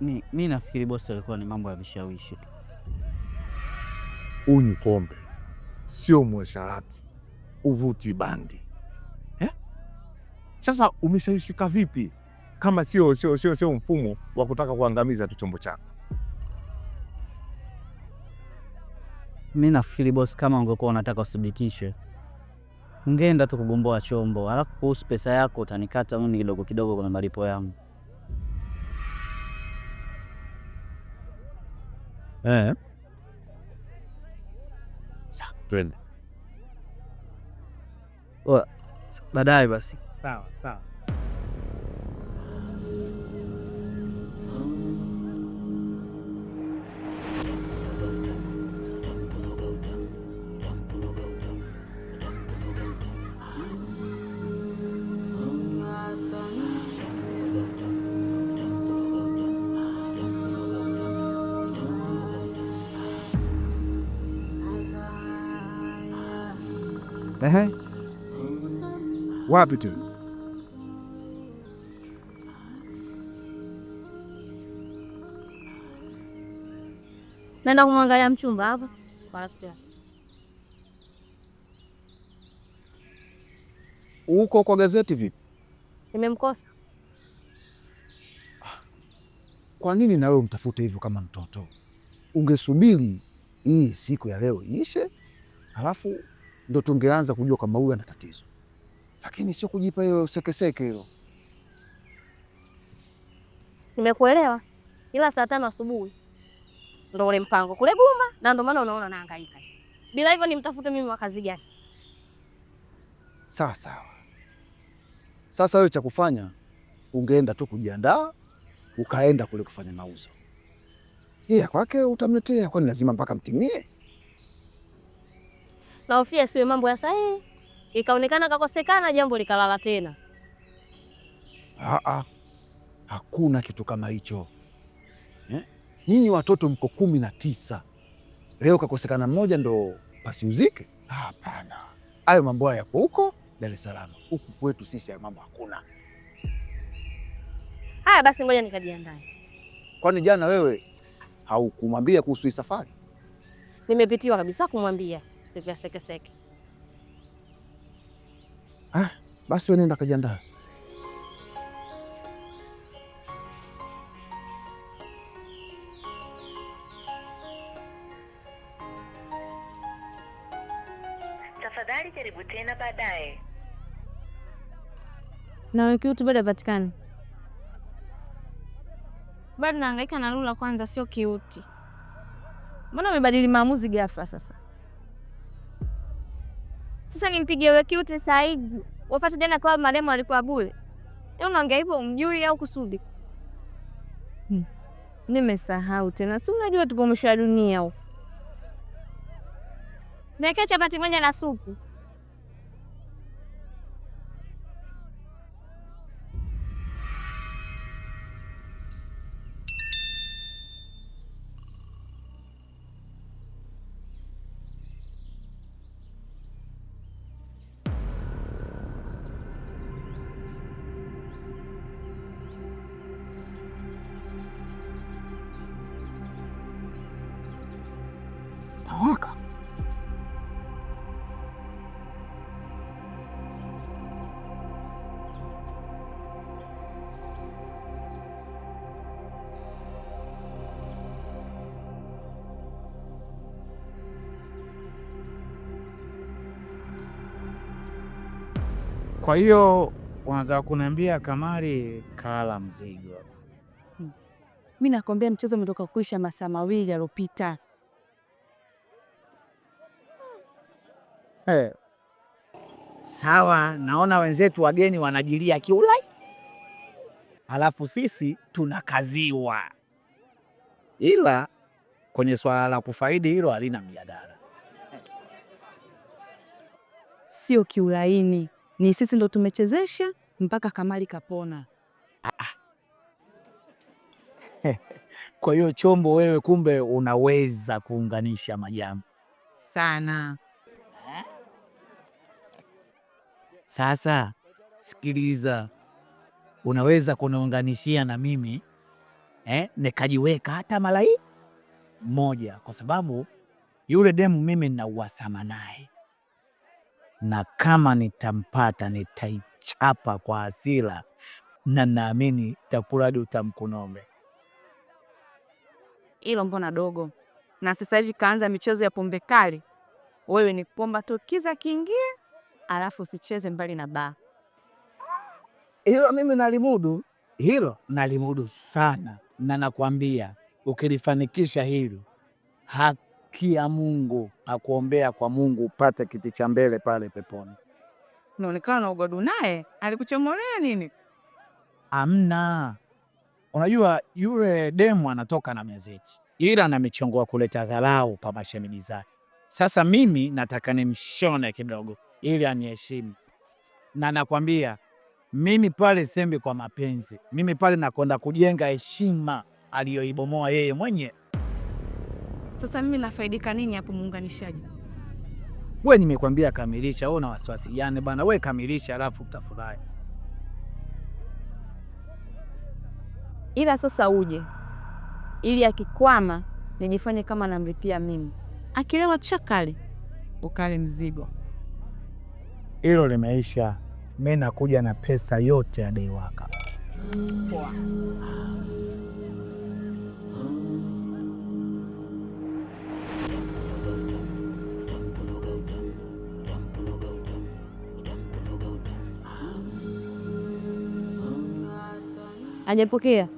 Mi, mi nafikiri bosi alikuwa ni mambo ya vishawishi tu. Huyu pombe sio mwasharati, uvuti bandi eh? Sasa umeshawishika vipi kama sio sio sio sio mfumo wa kutaka kuangamiza tu chombo chako? Mi nafikiri bosi, kama ungekuwa unataka uthibitishe ungeenda tu kugomboa chombo, alafu kuhusu pesa yako utanikata mimi kidogo kidogo, kuna malipo yangu Eh. Sawa. Baadaye basi. Sawa, sawa. Wapi tu naenda kumwangalia mchumba hapa parasiasi Uko kwa gazeti. Vipi, nimemkosa? Kwa nini na wewe mtafute hivyo kama mtoto? Ungesubiri hii siku ya leo iishe, halafu ndo tungeanza kujua kama huyu ana tatizo lakini sio kujipa hiyo sekeseke hiyo. Nimekuelewa, ila saa tano asubuhi ndo ule mpango kule Buma, na ndo maana unaona naangaika Bila hivyo nimtafute mimi wa kazi gani? Sawa sawa. Sasa wewe cha kufanya ungeenda tu kujiandaa, ukaenda kule kufanya mauzo iya kwake, utamletea kwani lazima mpaka mtimie? Naofia siwe mambo ya sahihi ikaonekana kakosekana, jambo likalala tena. Aa, hakuna kitu kama hicho eh? watoto mko kumi na tisa, leo kakosekana mmoja ndo pasiuzike? Hapana, hayo mambo haya yapo huko Dar es Salaam, huku kwetu sisi hayo mambo hakuna. Haya basi, ngoja nikajiandae. Kwani jana wewe haukumwambia kuhusu hii safari? Nimepitiwa kabisa kumwambia sivya sekeseke. Ah, basi wewe nenda kajiandaa. Tafadhali jaribu tena baadaye. Na Wikiutu bado hapatikani. Bado naangaika na Lula kwanza, sio Kiuti. Mbona umebadili maamuzi ghafla sasa? Sasa nimpigie wewe cute Saidi. Wafuata jana kwa marehemu alikuwa bure. Wewe unaongea hivyo umjui au kusudi? Hmm. Nimesahau tena. Si unajua tupo mwisho wa dunia huko. Niwekee chapati moja na supu. Kwa hiyo wanataka kuniambia Kamari kala mzigo? Hmm. Mi nakwambia mchezo umetoka kuisha masaa mawili yalopita. Hey. Eh. Sawa, naona wenzetu wageni wanajilia kiulai, alafu sisi tunakaziwa, ila kwenye swala la kufaidi hilo halina mjadala, sio kiulaini ni sisi ndo tumechezesha mpaka Kamali kapona. Ah. ah. Kwa hiyo chombo, wewe kumbe unaweza kuunganisha majambo sana. Sasa sikiliza, unaweza kuniunganishia na mimi eh, nikajiweka hata malai moja, kwa sababu yule demu mimi nina uhasama naye na kama nitampata nitaichapa kwa hasira, na naamini itakula hadi ilo Hilo mbona dogo? Na sasa hivi kaanza michezo ya pombe kali. Wewe ni pomba tu, kiza kiingie, alafu usicheze mbali na baa. Hilo mimi nalimudu, hilo nalimudu sana, na nakwambia ukilifanikisha hilo hak kia Mungu na kuombea kwa Mungu upate kiti cha mbele pale peponi. Naonekana ugodu naye alikuchomolea nini? Amna, unajua yule demu anatoka na mezeti, ila namechongoa kuleta dharau pa mashamini zake. Sasa mimi nataka nimshone kidogo ili aniheshimu, na nakwambia mimi pale sembi kwa mapenzi, mimi pale nakwenda kujenga heshima aliyoibomoa yeye mwenye sasa mimi nafaidika nini hapo muunganishaji? We nimekwambia kamilisha, wewe una wasiwasi gani bana? We kamilisha, alafu utafurahi. Ila sasa uje, ili akikwama nijifanye kama namlipia mimi, akilewa chakali ukale mzigo. Hilo limeisha. Mimi nakuja na pesa yote ya daiwaka. hajaipokea.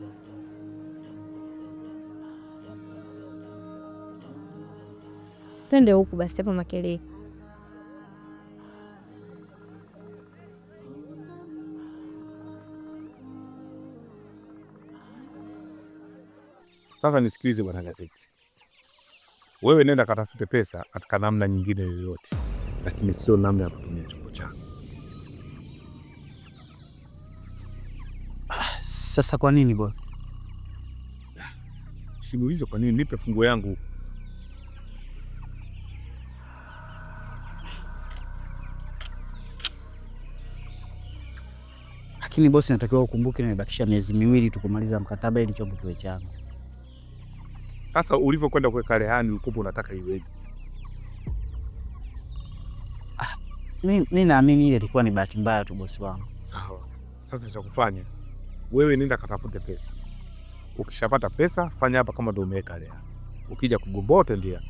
Twende huku basi, hapa makelele. Sasa nisikilize bwana gazeti, wewe nenda katafute pesa katika namna nyingine yoyote, lakini sio namna ya kutumia chombo chako. Sasa kwa nini bwana? Sigulize kwa nini, nipe funguo yangu. Lakini bosi, natakiwa ukumbuke nimebakisha miezi miwili tu kumaliza mkataba ili chombo kiwe changu. Sasa ulivyokwenda kuweka rehani ulikuwa unataka iweje? Ah, naamini ile ilikuwa ni bahati mbaya tu bosi wangu. Sawa. Sasa cha kufanya wewe nenda katafute pesa, ukishapata pesa fanya hapa kama ndio umeweka leo. ukija kugombote ndio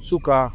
suka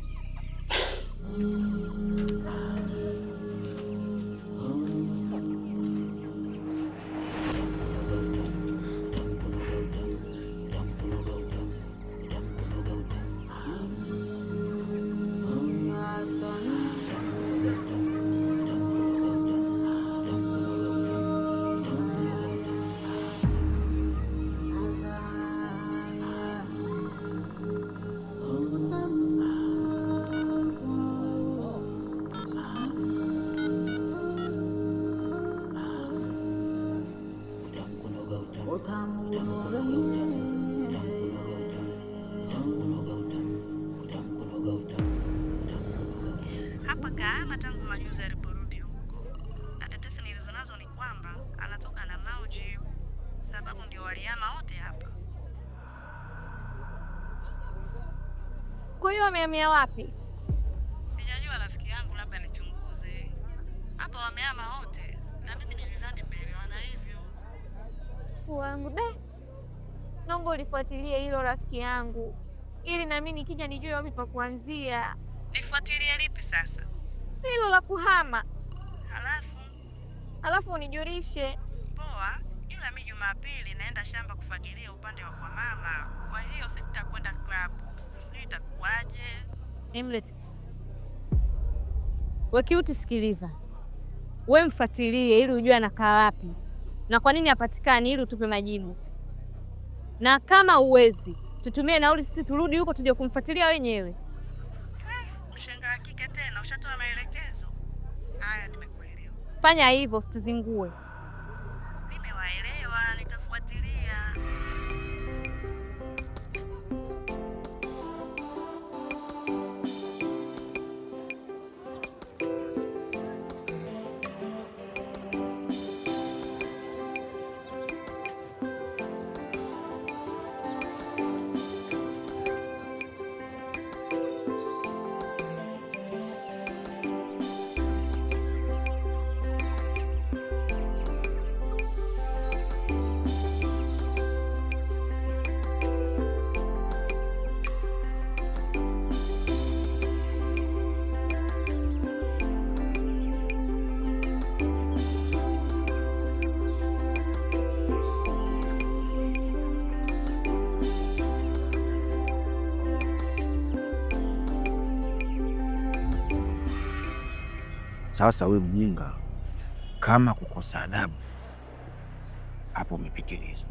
wamehamia wapi? Sijajua rafiki yangu, labda nichunguze. Hapa wamehama wote, na mimi nilizani mmeelewana hivyo. Wangu de naomba ulifuatilie hilo rafiki yangu, ili nami nikija nijue wapi pa kuanzia. Nifuatilie lipi sasa? Si hilo la kuhama, halafu halafu unijulishe. Poa, ila mimi Jumapili naenda shamba kufagilia upande wa kwa mama, kwa hiyo sitakwenda klabu sijui Wekiuti, sikiliza we, mfuatilie ili ujue anakaa wapi na kwa nini apatikani ili utupe majibu, na kama uwezi tutumie nauli sisi turudi huko tuje kumfuatilia wenyewe. Ushenga eh, kike tena, ushatoa maelekezo haya, nimekuelewa. Fanya hivyo tuzingue. Sasa we mjinga, kama kukosa adabu hapo umepitiliza,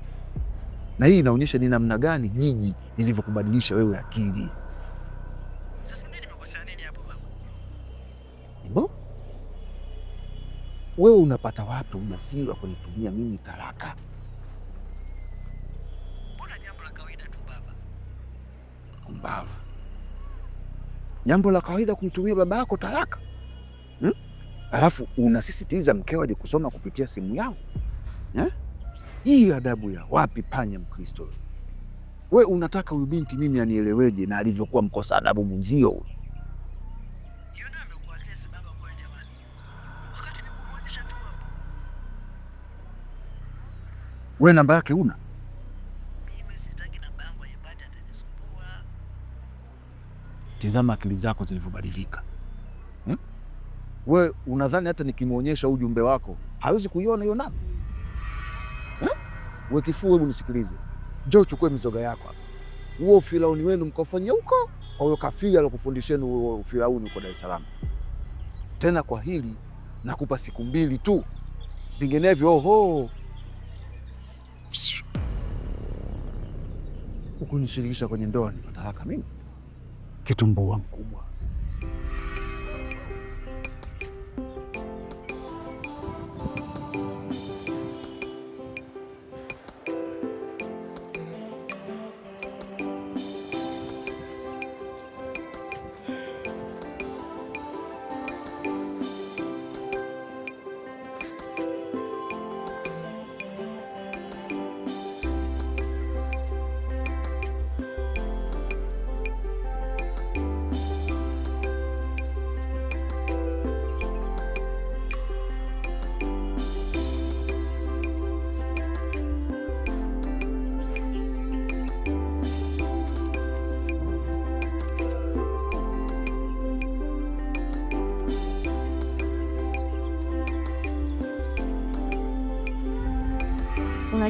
na hii inaonyesha ni namna gani nyinyi nilivyokubadilisha wewe akili. Sasa mimi nimekosea nini hapo baba? Ndio wewe unapata wapi ujasiri wa kunitumia mimi talaka? Mbona jambo la kawaida tu baba. Kumbavu, jambo la kawaida kumtumia baba yako talaka hmm? alafu unasisitiza mkeo aje kusoma kupitia simu yao yeah? Hii adabu ya wapi panya Mkristo? We unataka huyu binti mimi anieleweje na alivyokuwa mkosa adabu mwenzio? We namba yake una? Tizama akili zako zilivyobadilika. We unadhani hata nikimwonyesha ujumbe wako hawezi kuiona hiyo namba? Eh? We kifua, hebu nisikilize. Njoo uchukue mizoga yako hapa, huo ufirauni wenu mkafanyia huko kwa huyo kafiri alokufundisheni huo ufirauni huko Dar es Salaam. Tena kwa hili nakupa siku mbili tu, vinginevyo oho hukunishirikisha kwenye ndoa, ni madaraka mimi, kitumbua mkubwa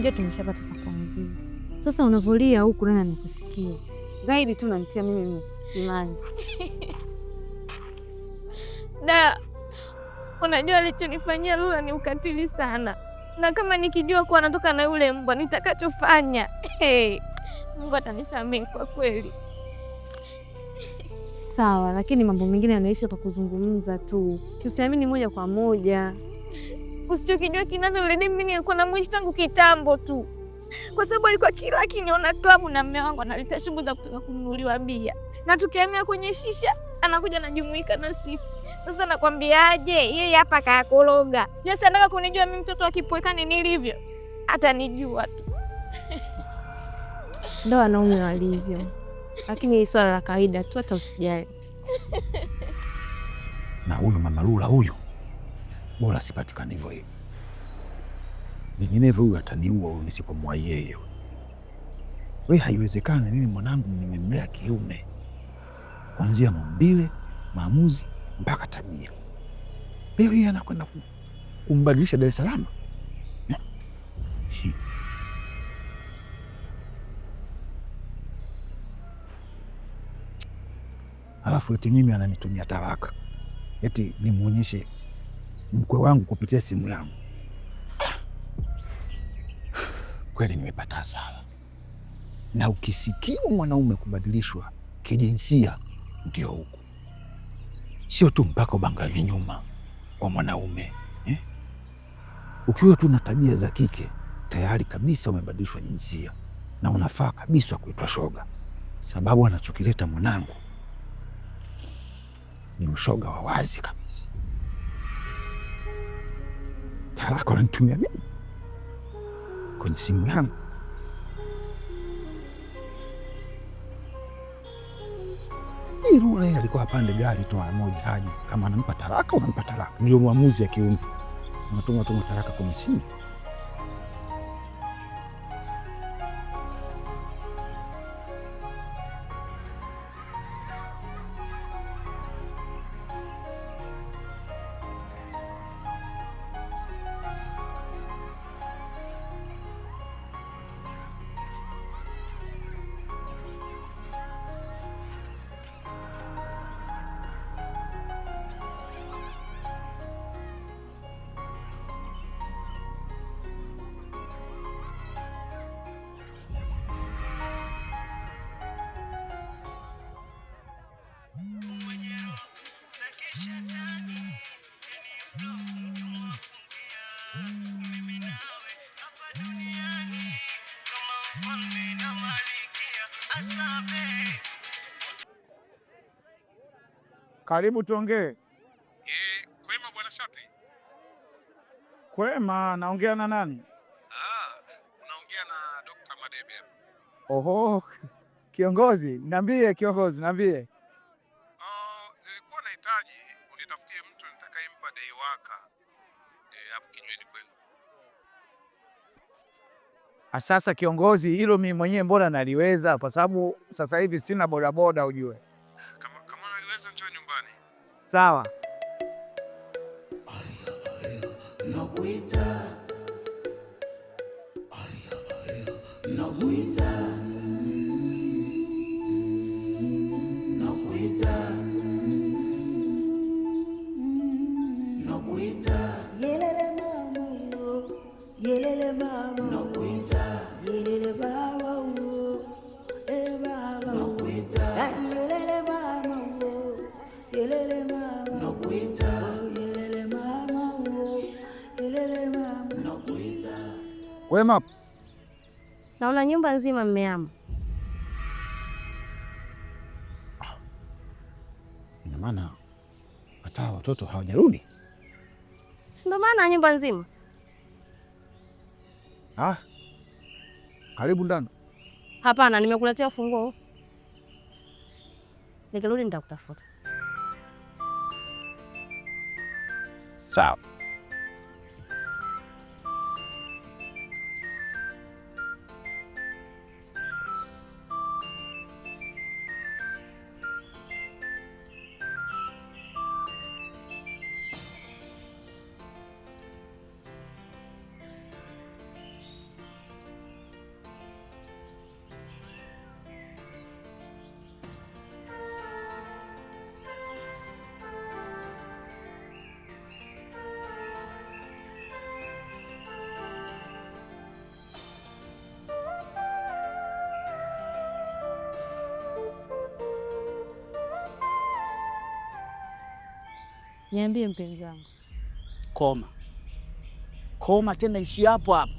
unajua tumeshapata pa Sasa unavolia huku nani anakusikia zaidi tu, nantia mimi mimanzi da. Unajua alichonifanyia Lula ni ukatili sana, na kama nikijua kuwa anatoka na yule mbwa nitakachofanya, hey, Mungu atanisamehe kwa kweli. Sawa, lakini mambo mengine yanaisha kwa kuzungumza tu, kiusiamini moja kwa moja usichokijua Kinato, yule demu mimi nilikuwa namwishi tangu kitambo tu, kwa sababu alikuwa kila akiniona klabu na mme wangu analeta shughuli za kutoka kununuliwa bia, na tukiamia kwenye shisha anakuja anajumuika na sisi. Sasa nakwambiaje, yeye hapa kayakoroga. Yes, anataka kunijua mimi mtoto akipwekani nilivyo, atanijua tu ndo wanaume walivyo, lakini ni swala la kawaida tu, hata usijali. Na huyu mama Lula huyu bora sipatikane hivyo hivyo, vinginevyo huyu ataniua huyu nisipomwa yeye. We, haiwezekani. Mimi mwanangu nimemlea kiume kuanzia maumbile, maamuzi mpaka tabia. Leo yeye anakwenda kumbadilisha Dar es Salaam. Alafu eti mimi ananitumia talaka, eti nimwonyeshe mkwe wangu kupitia simu yangu. Kweli nimepata hasara. Na ukisikiwa mwanaume kubadilishwa kijinsia, ndio huku, sio tu mpaka ubangalie nyuma kwa mwanaume eh? Ukiwa tu na tabia za kike tayari kabisa umebadilishwa jinsia na unafaa kabisa kuitwa shoga, sababu anachokileta mwanangu ni ushoga wa wazi kabisa. Talaka unanitumia mimi kwenye simu yangu. Irura yeye alikuwa apande gari tu mara moja haji Kama anampa talaka, unampa talaka, ndio mwamuzi ya kiume Unatuma tuma talaka kwenye simu. Karibu tuongee. Eh, kwema bwana Shati. Kwema, naongea na nani? Ah, unaongea na Dr. Madebe. Oho, kiongozi, niambie kiongozi, niambie. Ah, sasa kiongozi, hilo mimi mwenyewe mbona naliweza, kwa sababu sasa hivi sina bodaboda ujue. Kama, kama naliweza njoo nyumbani. Sawa. Yelele mama, yelele mama. Wema hapo? Naona nyumba nzima Ah, Ina maana hata watoto hawajarudi? Si ndo maana nyumba nzima. Ah. Karibu ndani. Hapana, nimekuletea funguo. Nikirudi nitakutafuta. Sawa. Niambie mpenzi wangu. Koma koma tena, ishi hapo hapo,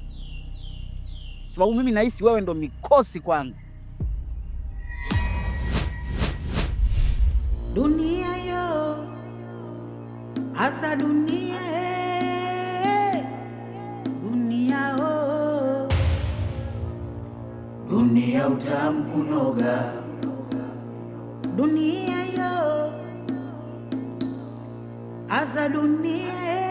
sababu mimi nahisi wewe ndo mikosi kwangu. Dunia yo asa dunia e, dunia o dunia utamkunoga dunia za dunia